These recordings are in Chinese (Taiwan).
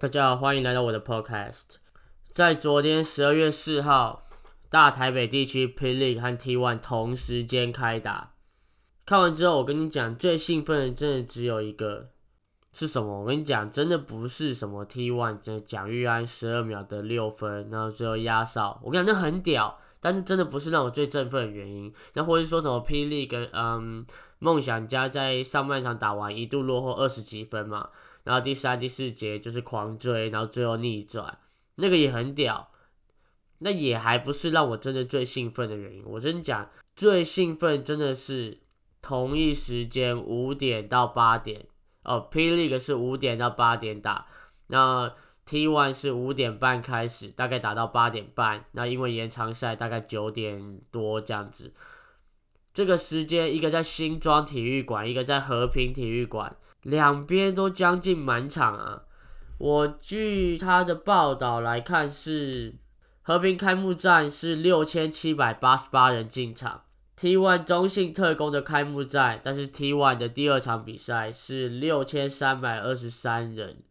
大家好，歡迎來到我的 podcast。在昨天十二月四號，大台北地區 P.League 和 T1 同時間開打。看完之後，我跟你講，最興奮的真的只有一個。是什麼？我跟你講，真的不是什麼 T1 的蔣淯安十二秒得六分，然後最後壓哨。我跟你講，那很屌，但是真的不是讓我最振奮的原因。那或是說什麼 P.League 跟嗯夢想家在上半場打完一度落後二十幾分嘛？然後第三、第四節就是狂追，然後最後逆轉，那個也很屌。那也還不是讓我真的最興奮的原因。我跟你講，最興奮真的是同一時間五點到八點哦，P League 是五點到八點打，那 T1 是五點半開始，大概打到八點半。那因為延長賽大概九點多這樣子。這個時間，一個在新莊體育館，一個在和平體育館。兩邊都將近滿場啊！我據他的報道來看，是和平開幕戰是六千七百八十八人進場，T One 中信特攻的開幕戰，但是 T One 的第二場比賽是六千三百二十三人，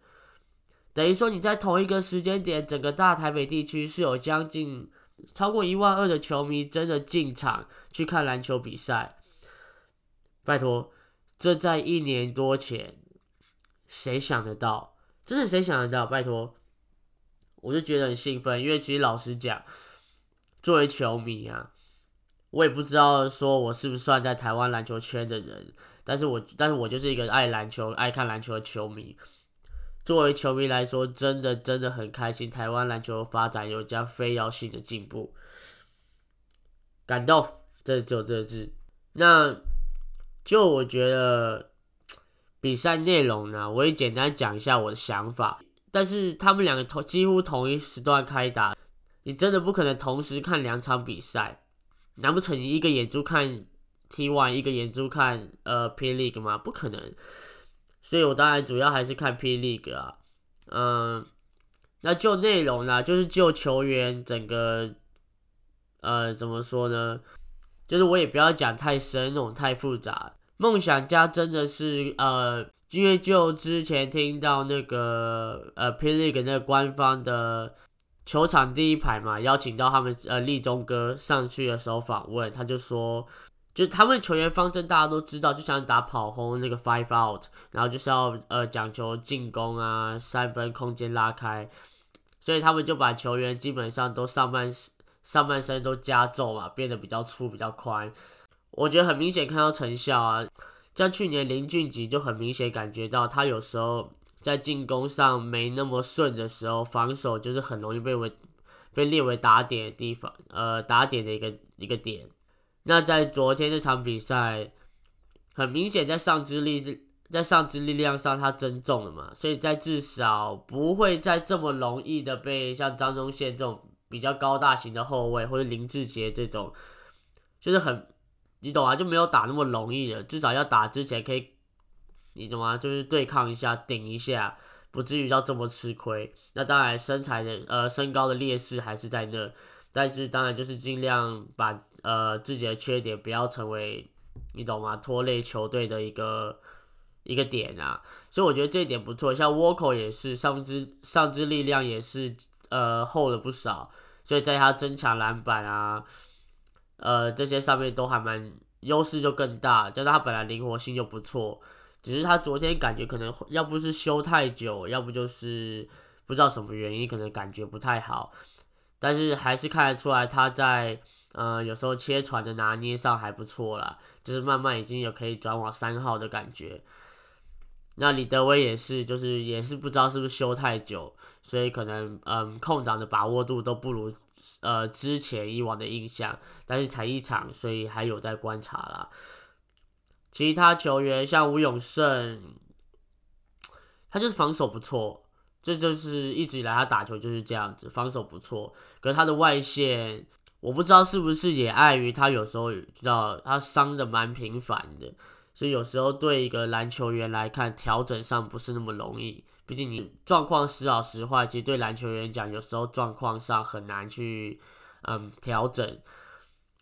等於說你在同一個時間點，整個大台北地區是有將近超過一萬二的球迷真的進場去看籃球比賽，拜托。這在一年多前，誰想得到？真的誰想得到？拜託，我就覺得很興奮，因為其實老實講，作為球迷啊，我也不知道說我是不是算在台灣籃球圈的人，但是我但是我就是一個愛籃球、愛看籃球的球迷。作為球迷來說，真的真的很開心，台灣籃球的發展有加飛躍性的進步，感動。這就這字那。就我覺得比賽內容呢、啊，我也簡單講一下我的想法。但是他們兩個同幾乎同一時段開打，你真的不可能同時看兩場比賽，難不成你一個眼珠看 T1，一個眼珠看呃 P League 嗎？不可能。所以我當然主要還是看 P League 啊。嗯，那就內容呢、啊，就是就球員整個，呃，怎麼說呢？就是我也不要講太深，那種太複雜。夢想家真的是呃，因為就之前聽到那個呃 P.League 那個官方的球場第一排嘛，邀請到他們呃，立中哥上去的時候訪問，他就說，就他們球員方針大家都知道，就想打跑轟那個 Five Out，然後就是要呃講求進攻啊，三分空間拉開，所以他們就把球員基本上都上半上半身都加重嘛，變得比較粗比較寬。我覺得很明顯看到成效啊，像去年林俊傑就很明顯感覺到，他有時候在進攻上沒那麼順的時候，防守就是很容易被為被列為打點的地方，呃，打點的一個一個點。那在昨天這場比賽，很明顯在上肢力在上肢力量上他增重了嘛，所以在至少不會再這麼容易的被像張宗憲這種比較高大型的後衛，或者林志杰這種就是很。你懂啊，就沒有打那麼容易了。至少要打之前可以，你懂嗎？就是對抗一下、頂一下，不至於要這麼吃虧。那當然身材的、呃身高的劣勢還是在那，但是當然就是盡量把呃自己的缺點不要成為，你懂嗎？拖累球隊的一個一個點啊。所以我覺得這一點不錯，像沃克也是上肢上肢力量也是呃厚了不少，所以在他增強籃板啊。呃，這些上面都還蠻優勢就更大，加上他本來靈活性就不錯，只是他昨天感覺可能要不是休太久，要不就是不知道什麼原因，可能感覺不太好。但是還是看得出來他在呃有時候切傳的拿捏上還不錯啦，就是慢慢已經有可以轉往三號的感覺。那李德威也是，就是也是不知道是不是休太久，所以可能嗯空檔的把握度都不如，呃，之前以往的印象，但是才一場，所以還有在觀察啦。其他球員像吳永勝，他就是防守不錯，這就是一直以來他打球就是這樣子，防守不錯。可是他的外線，我不知道是不是也礙於他有時候，知道他傷的蠻頻繁的，所以有時候對一個籃球員來看，調整上不是那麼容易。畢竟你狀況時好時壞，其實對籃球員講，有時候狀況上很難去，嗯，調整。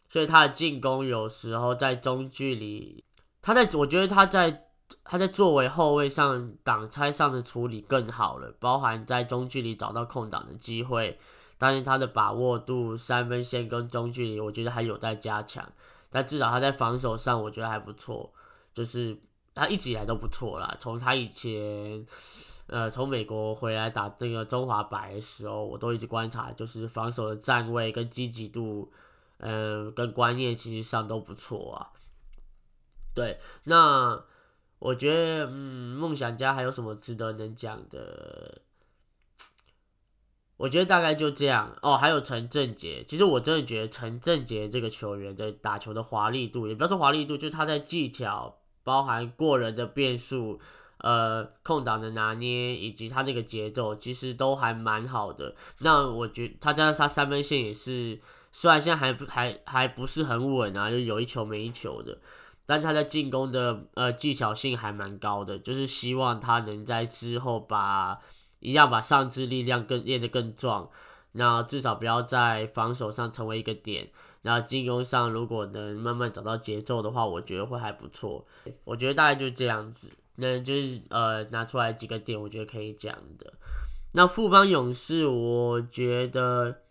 所以他的進攻有時候在中距離，他在我覺得他在他在作為後衛上擋拆上的處理更好了，包含在中距離找到空檔的機會。但是他的把握度三分線跟中距離，我覺得還有待加強。但至少他在防守上，我覺得還不錯，就是。他一直以來都不錯啦，從他以前，呃，從美國回來打那個中華杯的時候，我都一直觀察，就是防守的站位跟積極度，嗯、呃，跟觀念其實上都不錯啊。對，那我覺得，嗯，夢想家還有什麼值得能講的？我覺得大概就這樣哦。還有陳振杰，其實我真的覺得陳振杰這個球員的打球的華麗度，也不要說華麗度，就是他在技巧。包含過人的變數，呃，空檔的拿捏以及他這個節奏，其實都還蠻好的。那我覺得他這樣，他三分線也是，雖然現在還不還還不是很穩啊，就有一球沒一球的，但他在進攻的呃技巧性還蠻高的，就是希望他能在之後把一樣把上肢力量更練得更壯，那至少不要在防守上成為一個點。那進攻上如果能慢慢找到節奏的話，我覺得會還不錯。我覺得大概就這樣子，那就是呃拿出來幾個點，我覺得可以講的。那富邦勇士，我覺得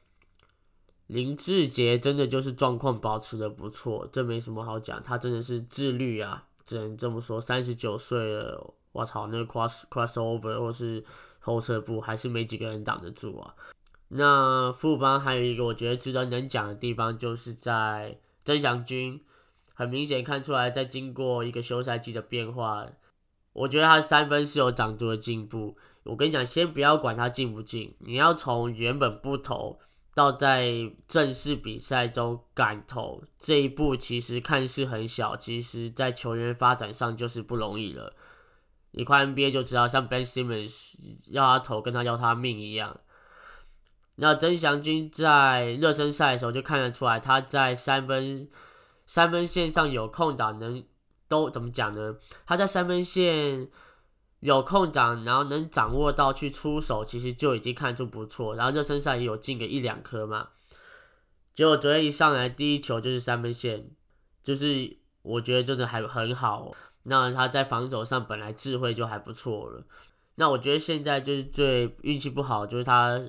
林志杰真的就是狀況保持的不錯，這沒什麼好講，他真的是自律啊，只能這麼說。三十九歲了，我操，那個 cross crossover 或是後撤步還是沒幾個人擋得住啊。那富邦還有一個，我覺得值得能講的地方，就是在曾祥鈞。很明顯看出來，在經過一個休賽期的變化，我覺得他三分是有長足的進步。我跟你講，先不要管他進不進，你要從原本不投到在正式比賽中敢投這一步，其實看似很小，其實，在球員發展上就是不容易了。你看 NBA 就知道，像 Ben Simmons 要他投，跟他要他命一樣。那曾祥鈞在熱身賽的時候就看得出來，他在三分三分線上有空檔。能都怎麼講呢？他在三分線有空檔，然後能掌握到去出手，其實就已經看出不錯。然後熱身賽也有進個一兩顆嘛，結果昨天一上來第一球就是三分線，就是我覺得真的還很好。那他在防守上本來智慧就還不錯了，那我覺得現在就是最運氣不好，就是他。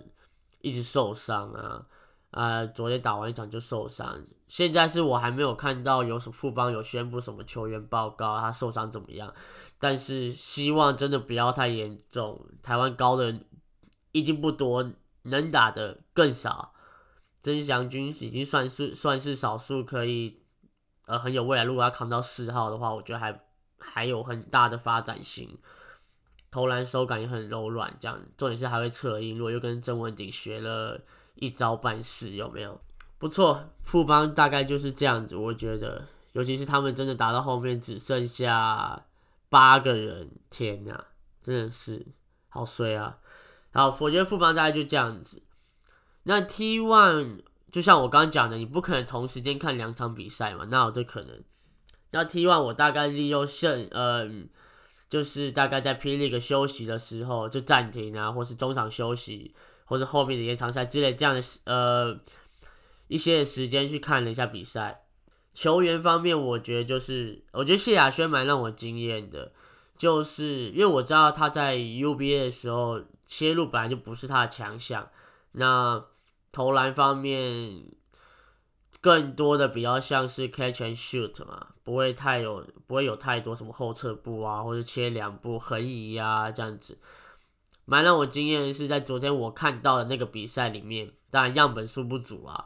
一直受傷啊，呃，昨天打完一場就受傷，現在是我還沒有看到有什麼富邦有宣布什麼球員報告，他受傷怎麼樣？但是希望真的不要太嚴重。台灣高的人已經不多，能打的更少。曾祥鈞已經算是算是少數可以，呃，很有未來。如果要扛到四號的話，我覺得還還有很大的發展性。投籃手感也很柔軟，這樣重點是還會策應，我又跟曾文鼎學了一招半式，有沒有？不錯，富邦大概就是這樣子。我覺得，尤其是他們真的打到後面只剩下八個人，天哪，真的是好衰啊！好，我覺得富邦大概就這樣子。那 T1 就像我剛剛講的，你不可能同時間看兩場比賽嘛，哪有這可能。那 T1 我大概利用剩嗯。就是大概在 P League 休息的時候就暫停啊，或是中場休息，或是後面的延長賽之類這樣的呃一些時間去看了一下比賽。球員方面，我覺得就是我覺得謝亞軒蠻讓我驚艷的，就是因為我知道他在 U B A 的時候切入本來就不是他的強項，那投籃方面。更多的比較像是 catch and shoot 嘛，不會太有，不會有太多什麼後撤步啊，或者切兩步橫移啊這樣子。蠻讓我驚艷的是，在昨天我看到的那個比賽裡面，當然樣本數不足啊，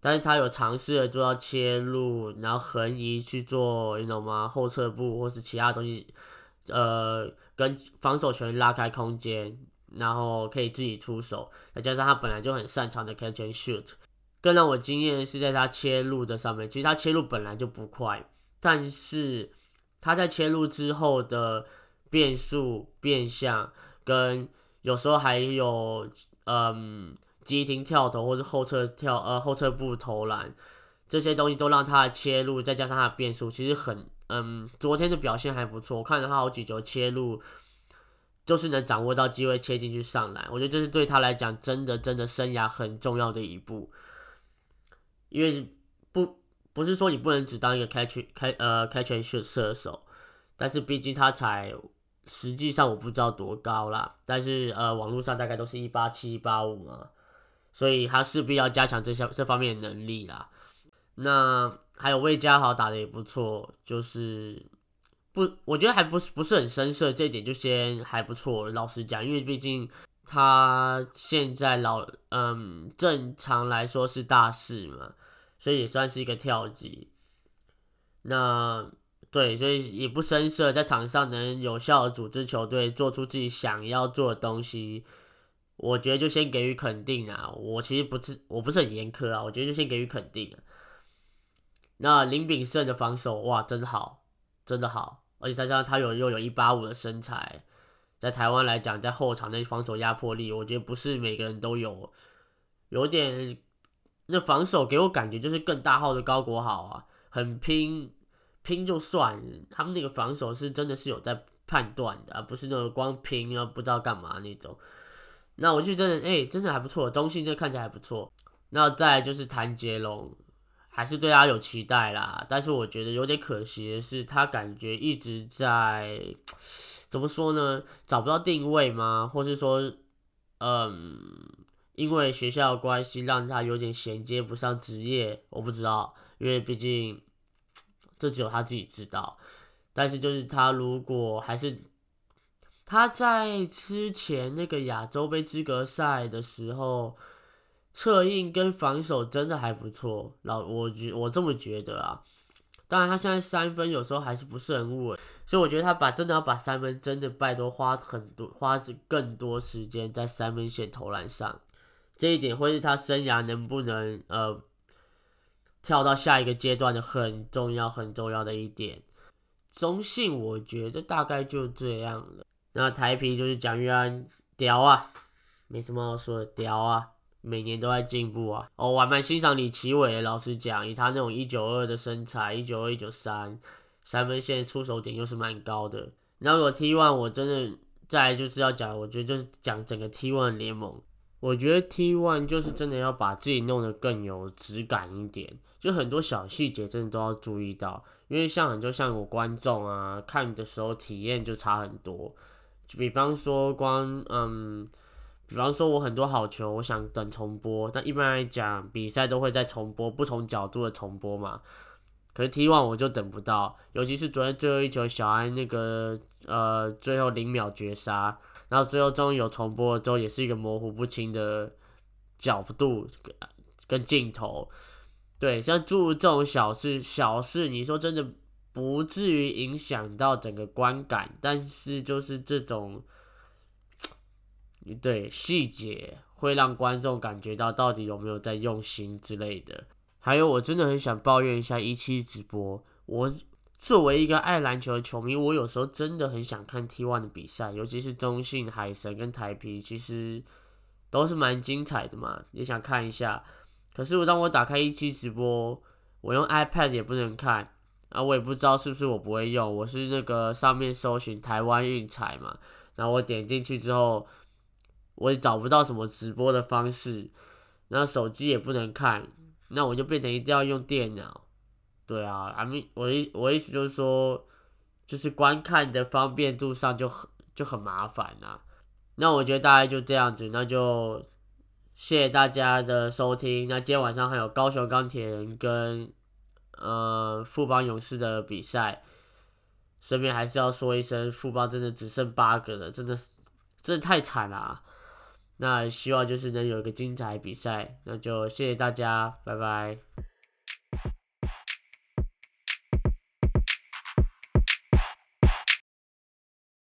但是他有嘗試了做到切入，然後橫移去做，你懂嗎？後撤步或是其他東西，呃，跟防守球員拉開空間，然後可以自己出手，再加上他本來就很擅長的 catch and shoot。更讓我驚艷的是在他切入的上面，其實他切入本來就不快，但是他在切入之後的變速、變向，跟有時候還有嗯急停跳投或者後撤跳呃後撤步投籃，這些東西都讓他的切入，再加上他的變速，其實很嗯，昨天的表現還不錯，我看着他好幾球切入，就是能掌握到機會切進去上籃，我覺得這是對他來講真的真的生涯很重要的一步。因為不不是說你不能只當一個 catchcatch 呃 catch and shoot 射射手，但是畢竟他才實際上我不知道多高啦，但是呃網絡上大概都是一八七一八五嘛，所以他勢必要加強這項這方面的能力啦。那還有魏嘉豪，打得也不錯，就是不我覺得還不是不是很深色，這一點就先還不錯，老實講，因為畢竟。他現在老嗯，正常來說是大四嘛，所以也算是一個跳級。那對，所以也不生澀，在場上能有效的組織球隊，做出自己想要做的東西，我覺得就先給予肯定啊。我其實不是我不是很嚴苛啊，我覺得就先給予肯定。那林秉勝的防守哇，真好，真的好，而且再加上他有又有一八五的身材。在台灣來講，在後場的防守壓迫力，我覺得不是每個人都有，有點那防守給我感覺就是更大號的高國豪啊，很拼，拼就算，他們那個防守是真的是有在判斷的而、啊、不是那種光拼啊不知道幹嘛那種。那我覺得真的，哎，真的還不錯，啊，中信這看起來還不錯。那再來就是譚杰龍，還是對他有期待啦，但是我覺得有點可惜的是，他感覺一直在。怎麼說呢？找不到定位嗎？或是說，嗯，因為學校的關係讓他有點銜接不上職業，我不知道，因為畢竟這只有他自己知道。但是就是他如果還是他在之前那個亞洲杯資格賽的時候，策應跟防守真的還不錯，老我覺我這麼覺得啊。當然他現在三分有時候還是不是很穩。所以我覺得他把真的要把三分真的拜託花很多花更更多時間在三分線投籃上，這一點會是他生涯能不能呃跳到下一個階段的很重要很重要的一點。中信我覺得大概就這樣了。那台啤就是蔣淯安屌啊，沒什麼好說的屌啊，每年都在進步啊。哦，我還蠻欣賞李奇偉，老實講，以他那種一九二的身材，一九二一九三，三分線出手點又是蠻高的。然後，如果 T1，我真的再來就是要講，我覺得就是講整個 T1 聯盟，我覺得 T1 就是真的要把自己弄得更有質感一點，就很多小細節真的都要注意到，因為像很多像我觀眾啊，看的時候體驗就差很多。就比方說光，嗯，比方說我很多好球，我想等重播，但一般來講比賽都會再重播不同角度的重播嘛。可是 T1 我就等不到，尤其是昨天最後一球小安那個呃最後零秒絕殺，然後最後終於有重播了之後，也是一個模糊不清的角度跟鏡頭。對，像諸如這種小事小事，你說真的不至於影響到整個觀感，但是就是這種，對，細節會讓觀眾感覺到到底有沒有在用心之類的。還有，我真的很想抱怨一下17直播。我作為一個愛籃球的球迷，我有時候真的很想看 T1 的比賽，尤其是中信海神跟台啤，其實都是蠻精彩的嘛，也想看一下。可是我當我打開17直播，我用 iPad 也不能看，啊，我也不知道是不是我不會用。我是那個上面搜尋台灣運彩嘛，然後我點進去之後，我也找不到什麼直播的方式，那手機也不能看。那我就變成一定要用電腦，對啊，啊，我意我意思就是說，就是觀看的方便度上就很就很麻煩吶、啊。那我覺得大概就這樣子，那就謝謝大家的收聽。那今天晚上還有高雄鋼鐵人跟呃富邦勇士的比賽，順便還是要說一聲，富邦真的只剩八個了，真的是真的太慘啊。那希望就是能有一個精彩比賽，那就謝謝大家，拜拜。